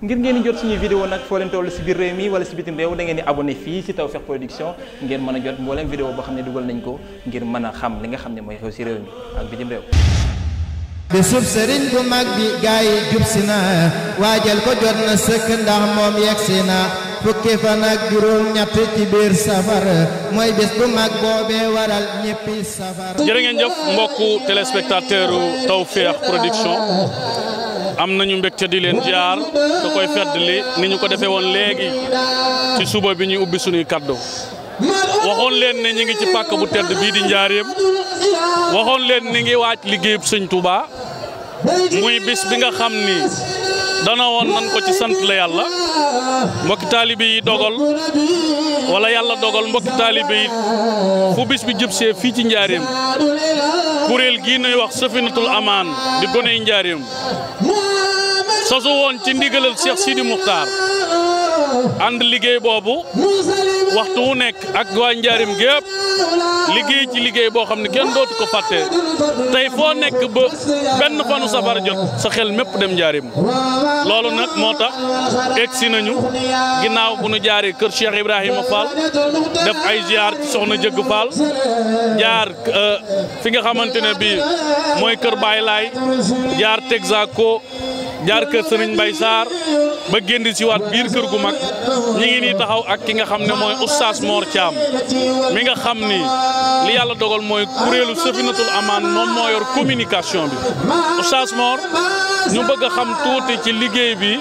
ngir ngeen di jot suñuy vidéo nag foo leen toll si biir réew mi wala si bitim réew da ngeen di abonné fii si Tawfekh Production ngeen mën a jot mbooleem vidéo boo xam ne dugal nañ ko ngir mën a xam li nga xam ne mooy xew si réew mi ak bitim réew bi suuf sëriñ bu mag bi gaay yi jub si na waajal ko jot na sëkk ndax moom yegsi na fukki fan ak juróom ñett ci biir safar mooy bés bu mag boobee waral ñëppi safar jërë ngeen jëf mbokku téléspectateur Tawfekh Production am nañu mbégte di leen jaar da koy fedd li ni ñu ko defee woon léegi ci suba bi ñuy ubbi sunuy kaddu waxoon leen ne ñi ngi ci pàkk bu tedd bii di njaareem waxoon leen ni ngi waaj liggéeyub sëñ Touba muy bis bi nga xam ni dana woon nan ko ci sant la yàlla mbokki taalibe yi dogal wala yàlla dogal mbokki taalibe fu bis bi jub see fii ci njaareem kuréel gii nuy wax safinatul amaan di goney njaareem sosu woon ci ndigalal Cheikh Sidi Muxtaar ànd liggéey boobu waxtu wu nekk ak waa njaarim gépp liggéey ci liggéey boo xam ne kenn dootu ko fàtte tey foo nekk ba benn fanu safar jot sa xel mépp dem njaarim loolu nag moo tax egsi nañu ginnaaw bu nu jaaree kër Cheikh Ibrahima Fall def ay ziar ci soxna Jëgg Fall jaar euh, fi nga xamante ne bii mooy kër Baay Laay jaar Texaco jaar kër Serigne Mbaye Sarr ba génn si waat biir kër gu mag ñi ngi nii taxaw ak ki nga xam ne mooy oustaz Mor Thiam mi nga xam ni li yàlla dogal mooy kuréelu Safinatul Amaan moom moo yor communication bi oustaz Mor ñu bëgg a xam tuuti ci liggéey bi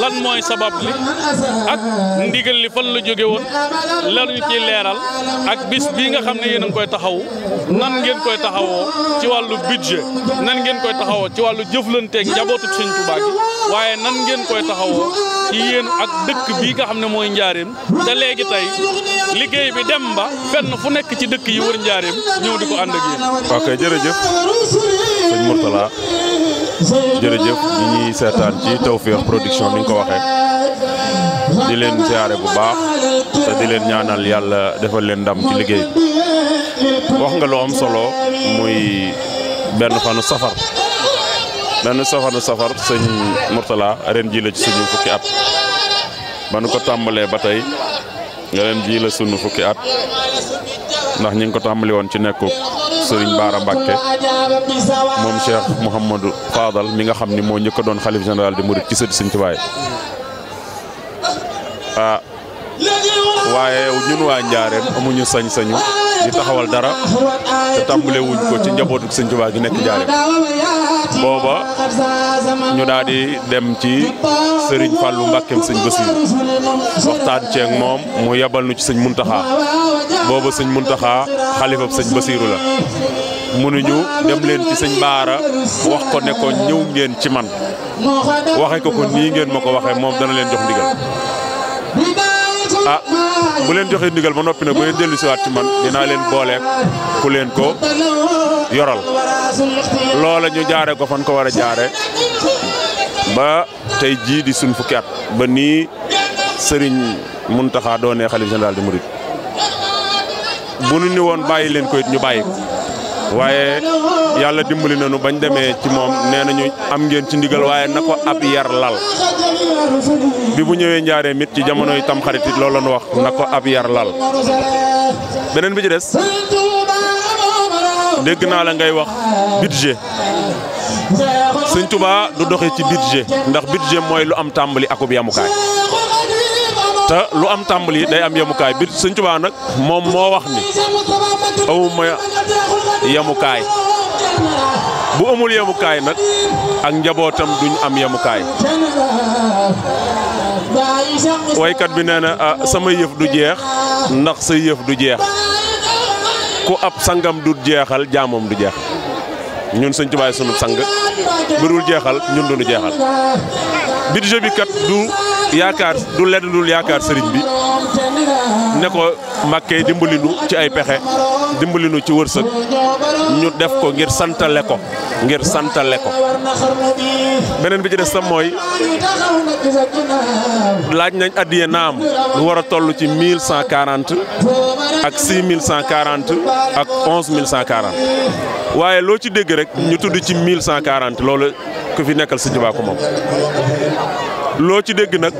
lan mooy sabab li ak ndigal li fan la jóge woon lanu ci leeral ak bis bii nga xam ne yéen a ngi koy taxaw nan ngeen koy taxawoo ci wàllu budget nan ngeen koy taxawoo ci wàllu jëflanteeg njabootu Sëñ Tuubaa gi waaye nan ngeen koy taxawoo ci yéen ak dëkk bii nga xam ne mooy njaareem te léegi tey liggéey bi dem ba fenn fu nekk ci dëkk yi wër njaareem ñëw di ko ànd ak yéen. ok jërëjëf sëñ Mourtala jërëjëf ñi ñuy seetaan ci Tawfekh Production ni nga ko waxee di leen siyaare bu baax sa di leen ñaanal yàlla defal leen ndam ci liggéey bi wax nga lu am solo muy benn fanu safar. benn safar na safar sëñ Mourtala ren ji la ci suñu fukki at ba ko tàmbalee ba tey ren ji la suñu fukki at ndax ñu ngi ko tàmbali woon ci nekkub sëriñ Baara Mbàkke moom Cheikh Mouhamadou Fadal mi nga xam ni moo njëkk a doon xalif général di murit ci sëti sëñ Tuubaa ah waaye ñun waa Njaareem amuñu sañ-sañu di taxawal dara te tàmbale wuñ ko ci njabootu sëñ Tuubaa gi nekk jaare booba ñu daal di dem ci sëriñ pal bu Mbakkeem sëñ Basiru waxtaan ceeg moom mu yabal nu ci sëñ Muntaxaa booba sëñ Muntaxaa xalifab sëñ Basiru la mënuñu dem leen ci sëñ Baara wax ko ne ko ñëw ngeen ci man waxe ko ko nii ngeen ma ko waxee moom dana leen jox ndigal ah, bu leen joxee ndigal ba noppi nag bu leen dellu siwaat ci man naa leen booleek ku leen ko yoral loola ñu jaare ko fan ko war a jaare ba tey jii di suñ fukki at ba nii sëriñ Muntaxa doonee xalif général di murit bu nu ni woon bàyyi leen ko ñu bàyyi waaye yàlla dimbali nanu bañ demee ci moom nee nañu am ngeen ci ndigal waaye na ko ab yar lal bi bu ñëwee njaaree mit ci jamono tam xarit it loolu lañu wax na ko ab yar lal beneen bi ci des dégg naa la ngay wax budget Sëñ Tuubaa du doxe ci budget ndax budget mooy lu am tàmbali akub yamukaay te lu am tàmbali day am yemukaay bi sëñ Tuubaa nag moom moo wax ni amuma yemukaay bu amul yemukaay nag ak njabootam duñ am yemukaay waykat bi nee na ah, sama yëf du jeex ndax sa yëf du jeex ku ab sangam du jeexal jaamam du jeex ñun sëñ Tuubaa sunu sang bu dul jeexal ñun duñu jeexal budget bi kat du yaakaar du lenn dul yaakaar sëriñ bi ne ko Mbakke dimbali nu ci ay pexe dimbali nu ci wërsëg ñu def ko ngir santale ko ngir santale ko beneen bi ci des tam mooy laaj nañ addiye naam lu war a toll ci mille cent quarante ak six mille cent quarante ak onze mille cent quarante waaye loo ci dégg rek ñu tudd ci mille cent quarante loolu ku fi nekkal Sëñ Tuubaa ko moom. loo ci dégg nag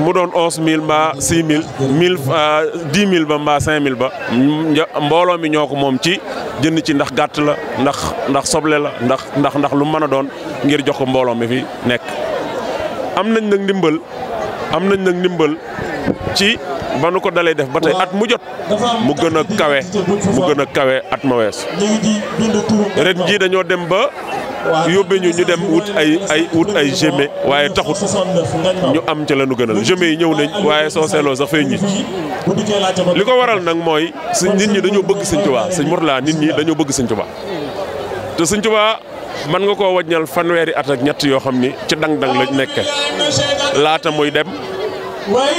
mu doon onze mille mbaa six mille mille euh, dix mille ba mbaa cinq mille ba mbooloo mi ñoo ko moom ci jënd ci ndax gàtt la ndax ndax soble la ndax ndax ndax lu mën a doon ngir jox ko mbooloo mi fi nekk. am nañ nag ndimbal am nañ nag ndimbal ci ba nu ko dalee def ba tey at mu jot mu gën a kawe mu gën a kawe at ma wees ren jii dañoo dem ba. yóbbee ñu ñu dem wut ay ay wut ay gémé waaye taxut ñu am ca la nu gënal gémé yi ñëw nañ waaye soo seetloo sax feeñ ñi li ko waral nag mooy suñ nit ñi dañoo bëgg Sëñ Tuubaa sëñ Mourtalla nit ñi dañoo bëgg Sëñ Tuubaa te Sëñ Tuubaa mën nga koo wàññal fanweeri at ak ñett yoo xam ni ci dang-dang lañ nekk laata muy dem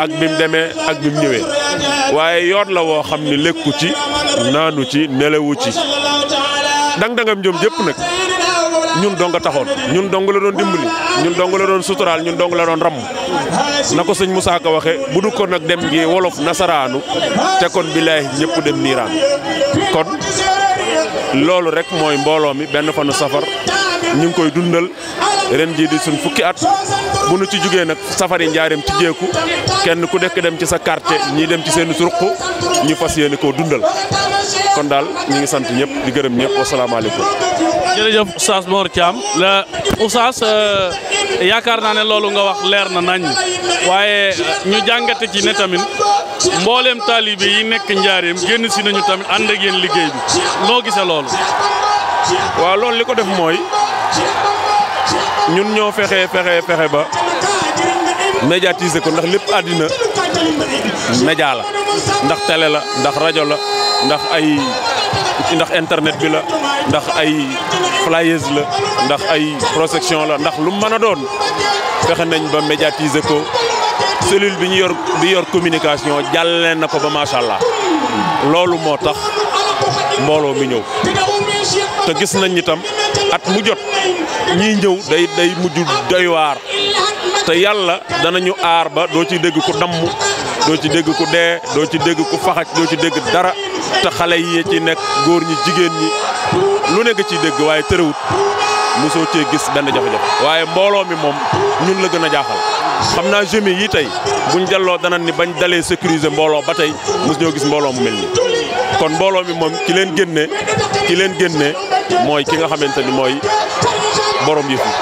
ak bi mu demee ak bi mu ñëwee waaye yoot la woo xam ni lekku ci naanu ci nelewu ci dang-dangam jëm jëpp nag ñun dong taxoon ñun dong la doon dimbali ñun dong la doon suturaal ñun dong la doon ramm na ko sëñ Moussa ko waxee bu du ko nag dem gi wolof nasaraanu te kon bilaay ñëpp dem niiraan kon loolu rek mooy mbooloo mi benn fanu safar ñu ngi koy dundal ren jii di suñ fukki at bu nu ci jugee nag safari njaareem ci jéeku kenn ku dekk dem ci sa quartier ñii dem ci seen suruq ñu fas yéene koo dundal kon daal ñu ngi sant ñëpp di gërëm ñëpp wasalaamaaleykum jërëjëf Oustaz Mor Thiam la Oustaz euh, yaakaar naa ne loolu nga wax leer na nañ waaye euh, ñu jàngate ci ne tamit mbooleem taalibe yi nekk njaareem génn si nañu tamit ànd ak liggéey bi noo gisee loolu waaw loolu li ko def mooy ñun ñoo fexe fexe fexe ba médiatiser ko ndax lépp àddina média la ndax télé la ndax rajo la ndax ay ndax internet bi la ndax ay flyers la ndax ay projection la ndax lu mën a doon fexe nañ ba médiatiser ko cellule bi ñu yor bi yor communication jàllale na ko ba macha allah loolu moo tax mbooloo mi ñëw te gis nañ itam at mu jot ñii ñëw day day mujj doy te yàlla danañu aar ba doo ci dégg ku damm doo ci dégg ku dee doo ci dégg ku faxaj doo ci dégg dara te xale yi ci nekk góor ñi jigéen ñi lu nekk nga ciy dégg waaye tërëwut mosoo cee gis benn jafe-jafe waaye mbooloo mi moom ñun la gën a jaaxal xam naa jeunes yi tey buñ delloo dana ni bañ dalee sécuriser mbooloo ba tey mos ñoo gis mbooloo mu mel nii kon mbooloo mi moom ki leen génnee ki leen génnee mooy ki nga xamante ni mooy borom yëf yi.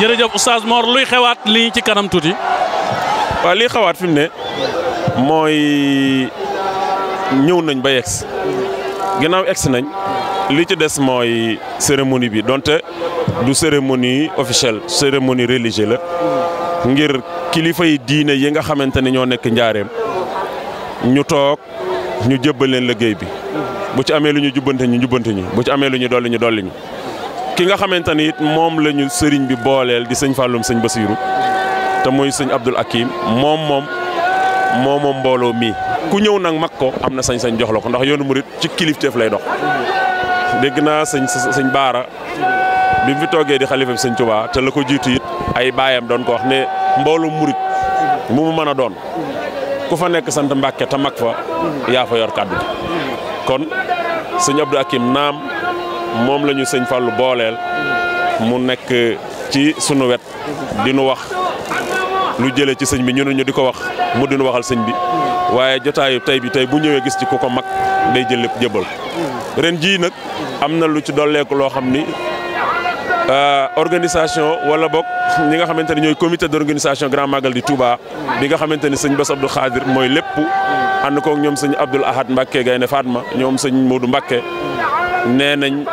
jërëjëf oustaz luy xewaat lii ci kanam tuuti. waaw liy xewaat fi mu ne mooy ñëw nañ ba yegg si ginnaaw egg nañ. li ci des mooy cérémonie bi donte du cérémonie officielle cérémonie religieuse la ngir kilifa yi diine yi nga xamante ne ñoo nekk njaareem ñu toog ñu jébbal leen liggéey bi bu ci amee lu ñu jubbante ñu jubbante bu ci amee lu ñu dolli ñu dolli ñu ki nga xamante ni it moom la sëriñ bi booleel di sëñ Falloum sëñ Basiiru te mooy sëñ Abdul Akim moom moom moom mbooloo mii ku ñëw nag mag ko am na sañ-sañ jox la ko ndax yoonu murit ci kilifteef lay dox dégg naa sëñ sëñ Baara bi mu fi toogee di xalifa bi sëñ Tuubaa te la ko jiitu it ay baayam doon ko wax ne mboolu murit mu mu mën a doon ku fa nekk sant Mbàkke te mag fa yaa fa yor kàddu kon sëñ Abdou Akim naam moom lañu ñu sëñ Fallou booleel mu nekk ci sunu wet di nu wax lu jëlee ci sëñ bi ñun ñu di ko wax mu di waxal sëñ bi waaye jotaayu tey bi tey bu ñëwee gis ci ku ko mag day jël lépp jëbal ren jii nag am na lu ci dolleeku loo xam ni euh, organisation wala bokk ñi nga xamante ne ñooy comité d'organisation Grand Magal di Touba bi nga xamante ne sëñ Bass Abdou Khadir mooy lépp ànd koog ñoom sëñ Abdoul Ahad Mbacké Gaynde ma ñoom sëñ Modou Mbacké nee nañ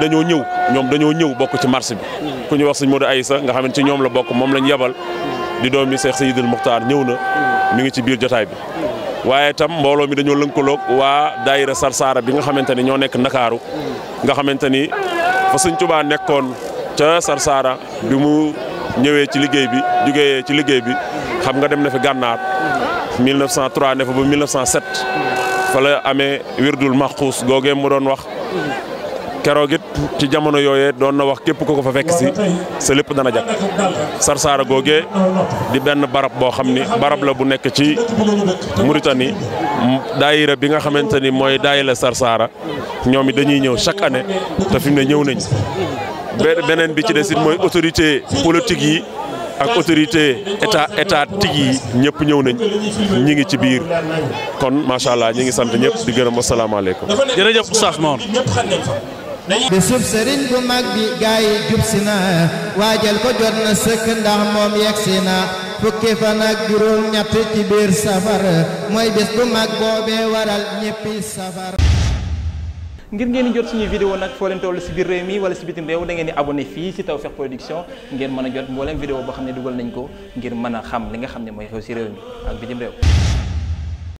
dañoo ñëw ñoom dañoo ñëw bokk ci marché bi ku ñu wax sëñ Modou Aïssa nga xamante ci ñoom la bokk moom lañ yebal di doom yi Cheikh Seydil ñëw na mi ngi ci biir jotaay bi waaye itam mbooloo mi dañoo lënkaloog waa daayira Sarsara bi nga xamante ni ñoo nekk Ndakaaru nga xamante ni fa Sëñ Tuubaa nekkoon ca Sarsara bi mu ñëwee ci liggéey bi jugee ci liggéey bi xam nga dem na fi gànnaar 1903 ne fa ba 1907 fa la amee wirdul maxuus googee mu doon wax keroog it ci jamono yooyee doon na wax képp ko ko fa fekk si sa lépp dana jag sarsaara googe di benn barab boo xam ni barab la bu nekk ci Mauritanie daayira bi nga xamante ni mooy daayira sarsaara ñoom it dañuy ñëw chaque année te fi ne ñëw nañ beneen bi ci des mooy autorité politique yi ak autorité état état tig yi ñëpp ñëw nañ ñi ngi ci biir kon macha allah ñi ngi sant ñëpp di gërëm wasalaamaaleykum. jërëjëf Oustaz Mor. bisub sëriñ bu mag bi gaa yi jub si na waajal ko jot na sëkk ndax moom yegg si na fukki fan ak juróom ñett ci biir safar mooy bés bu mag boobee waral ñéppi safar ngir ngeen jot suñuy vidéo nag foo leen toll si biir réew mi wala si bitim réew da ngeen di abonné fii si Tawfekh Production ngeen mën a jot mbooleem vidéo boo xam ne dugal nañ ko ngir mën xam li nga xam ne mooy xew si réew mi ak bitim réew